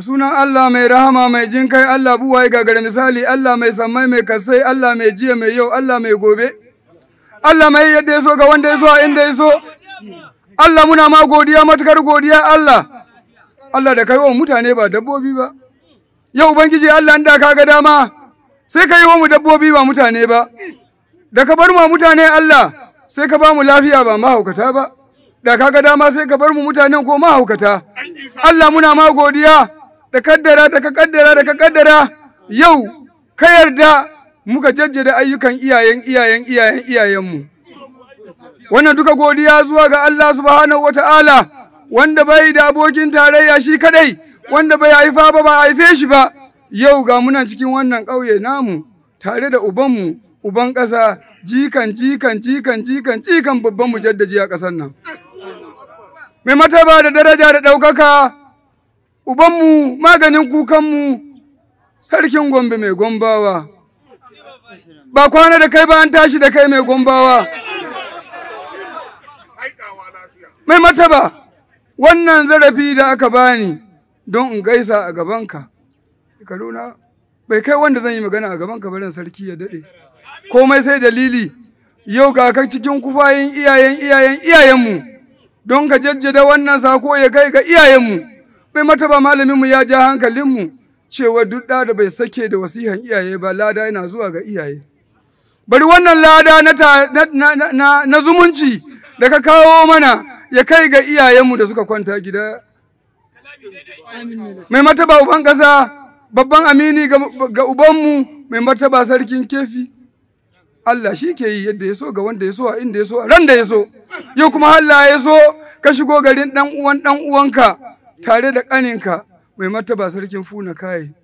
suna sunan Allah mai rahama mai jin kai Allah buwaye gagara misali Allah mai sammai mai kasai Allah mai jiya mai yau Allah mai gobe. Allah mai yadda ya so ga wanda ya so a inda ya so. Allah muna ma godiya matukar godiya Allah. Allah da kai wa mutane ba dabbobi ba. Yau Ubangiji Allah inda ka ga dama sai ka yi wa mu dabbobi ba mutane ba. Da ka bar mu mutane Allah sai ka ba mu lafiya ba mahaukata ba. Da ka ga dama sai ka bar mu mutanen ko mahaukata. Allah muna ma godiya. da kaddara da ka kaddara da ka kaddara yau ka yarda muka jajjada ayyukan iyayen iyayen iyayen iyayenmu wannan duka godiya zuwa ga Allah subhanahu wata'ala wanda bai da abokin tarayya shi kadai wanda bai haifa ba ba haife shi ba yau ga muna cikin wannan ƙauye namu tare da ubanmu uban ƙasa jikan jikan jikan jikan jikan babban mujaddaji a ƙasar nan mai mataba da daraja da ɗaukaka ubanmu maganin kukanmu sarkin gombe mai gombawa ba kwana da kai ba an tashi da kai mai gombawa mai mataba wannan zarafi da aka bani don in gaisa a gabanka karuna bai kai wanda zan yi magana a gabanka barin sarki ya daɗe komai sai dalili yau ga ka cikin kufayin iyayen iyayen iyayenmu don ka jajjada wannan sako ya kai ga iyayenmu mai mataba malaminmu ya ja hankalinmu cewa duk da bai sake da wasihan iyaye ba lada yana zuwa ga iyaye bari wannan lada na, zumunci da ka kawo mana ya kai ga iyayenmu da suka kwanta gida mai mataba uban ƙasa babban amini ga ubanmu mai mataba sarkin kefi Allah shi ke yi yadda ya so ga wanda ya so a inda ya so a ran da ya so yau kuma Allah ya so ka shigo garin ɗan uwan ɗan uwanka tare da ƙaninka mai martaba sarkin funa kaye.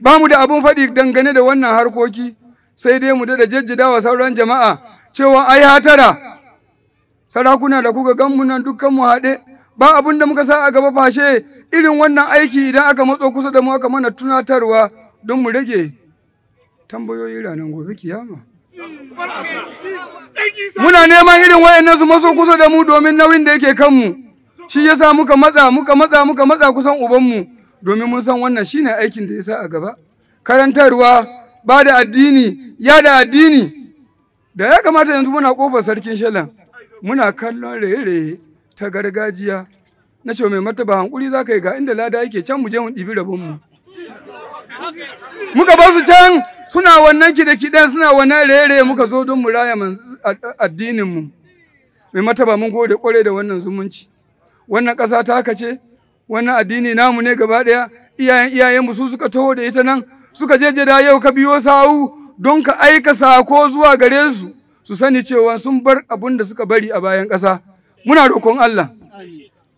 Ba mu da abin faɗi dangane da wannan harkoki sai dai mu da jejjida wa sauran jama'a cewa ai hatara. Sarakuna da kuka gan nan dukkan mu haɗe ba abin da muka sa a gaba fashe irin wannan aiki idan aka matso kusa da mu aka mana tunatarwa don mu rage tambayoyi ranar gobe kiyama. Muna neman irin wayannan su maso kusa da mu domin nauyin da yake kanmu. shi yasa muka matsa muka matsa muka matsa kusan ubanmu domin mun san wannan shine aikin da ya sa a gaba karantarwa ba da addini ya da addini da ya kamata yanzu muna kofar sarkin shalan muna kallon raye-raye ta gargajiya na ce mai martaba hankuri za ka yi ga inda lada yake can mu je mu ɗibi rabonmu muka ba su can suna wannan kida-kidan, suna wannan raye-raye muka zo don mu raya addininmu mai martaba mun gode kwarai da wannan zumunci wannan ƙasa ta haka ce wannan addini namu ne gaba ɗaya iyayen iyayenmu su suka taho da ita nan suka je jeda yau ka biyo sawu don ka aika sako zuwa gare su su sani cewa sun bar abun da suka bari a bayan ƙasa muna roƙon Allah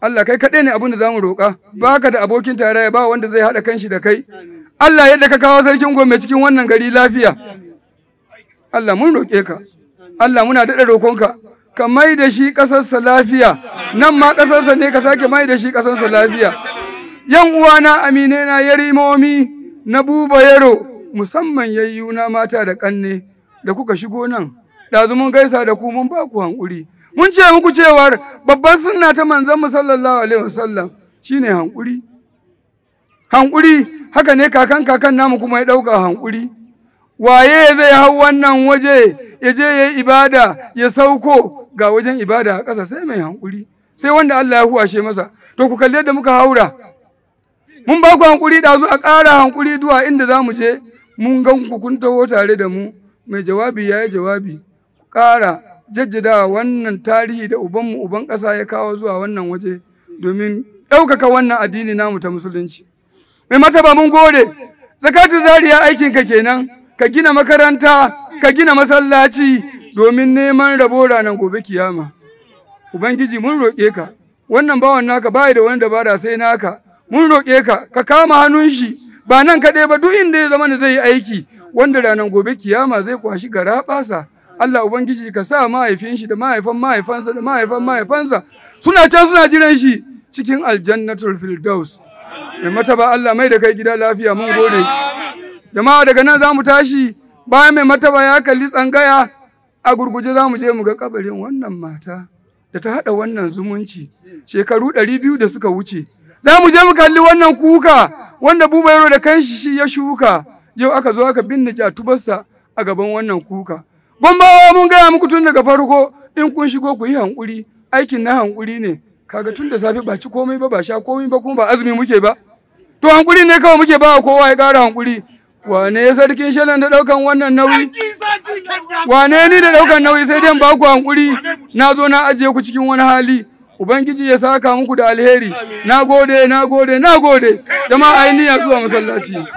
Allah kai kaɗai ne abin da za mu roƙa ba da abokin tarayya ba wanda zai haɗa kanshi da kai Allah yadda ka kawo sarkin gombe cikin wannan gari lafiya Allah mun roƙe ka Allah muna daɗa roƙonka ka mai da shi ƙasarsa lafiya nan ma ƙasarsa ne ka sake mai da shi ƙasarsa lafiya yan uwana amine na yarimomi na buba yaro musamman na mata da ƙanne da kuka shigo nan ɗazu mun gaisa da ku mun ba ku hankuri mun ce muku cewar babban sunna ta manzon mu sallallahu alaihi wasallam shine hankuri hankuri haka ne kakan kakan namu kuma ya ɗauka hankuri waye zai hau wannan waje ya je ya ibada ya sauko ga wajen ibada a ƙasa sai mai hankuri sai wanda Allah ya huwashe masa to ku kalli yadda muka haura mun ba ku hankuri ɗazu a ƙara hankuri zuwa inda za mu je mun gan ku kun taho tare da mu mai jawabi ya yi jawabi ƙara jajjadawa wannan tarihi da ubanmu uban ƙasa ya kawo zuwa wannan waje domin ɗaukaka wannan addini namu ta musulunci mai mataba mun gode zakatun zariya aikinka kenan ka gina makaranta ka gina masallaci domin neman rabo ranar gobe kiyama. Ubangiji mun roƙe ka, wannan bawan naka baya da wani dabara sai naka, mun roƙe ka, ka kama hannun shi, ba nan kaɗai ba duk inda ya zama da zai yi aiki, wanda ranar gobe kiyama zai kwashi gara ɓasa. Allah Ubangiji ka sa mahaifin shi da mahaifan mahaifansa da mahaifan mahaifansa suna can suna jiran shi cikin aljannatul firdaus. mata mataba Allah mai da kai gida lafiya mun gode. Jama'a daga nan za mu tashi bayan mai mataba ya kalli tsangaya a gurguje za mu je mu ga kabarin wannan mata da ta haɗa wannan zumunci shekaru ɗari biyu da suka wuce za mu je mu kalli wannan kuka wanda buba yaro da kanshi shi ya shuka yau aka zo aka binne jatubarsa a gaban wannan kuka gwambawa mun gaya muku tun daga farko in kun shigo ku yi hankuri aikin na hankuri ne kaga tun da safe ba ci komai ba ba sha komai ba kuma ba azumi muke ba to hankuri ne kawai muke ba kowa ya ƙara hankuri Wane sarkin shalan da ɗaukan wannan nauyi? Wane ni da ɗaukan nauyi sai dai ba ku hankuri na zo na ajiye ku cikin wani hali. Ubangiji ya saka muku da alheri. Na gode, na gode, na gode. Jama'a ai zuwa masallaci.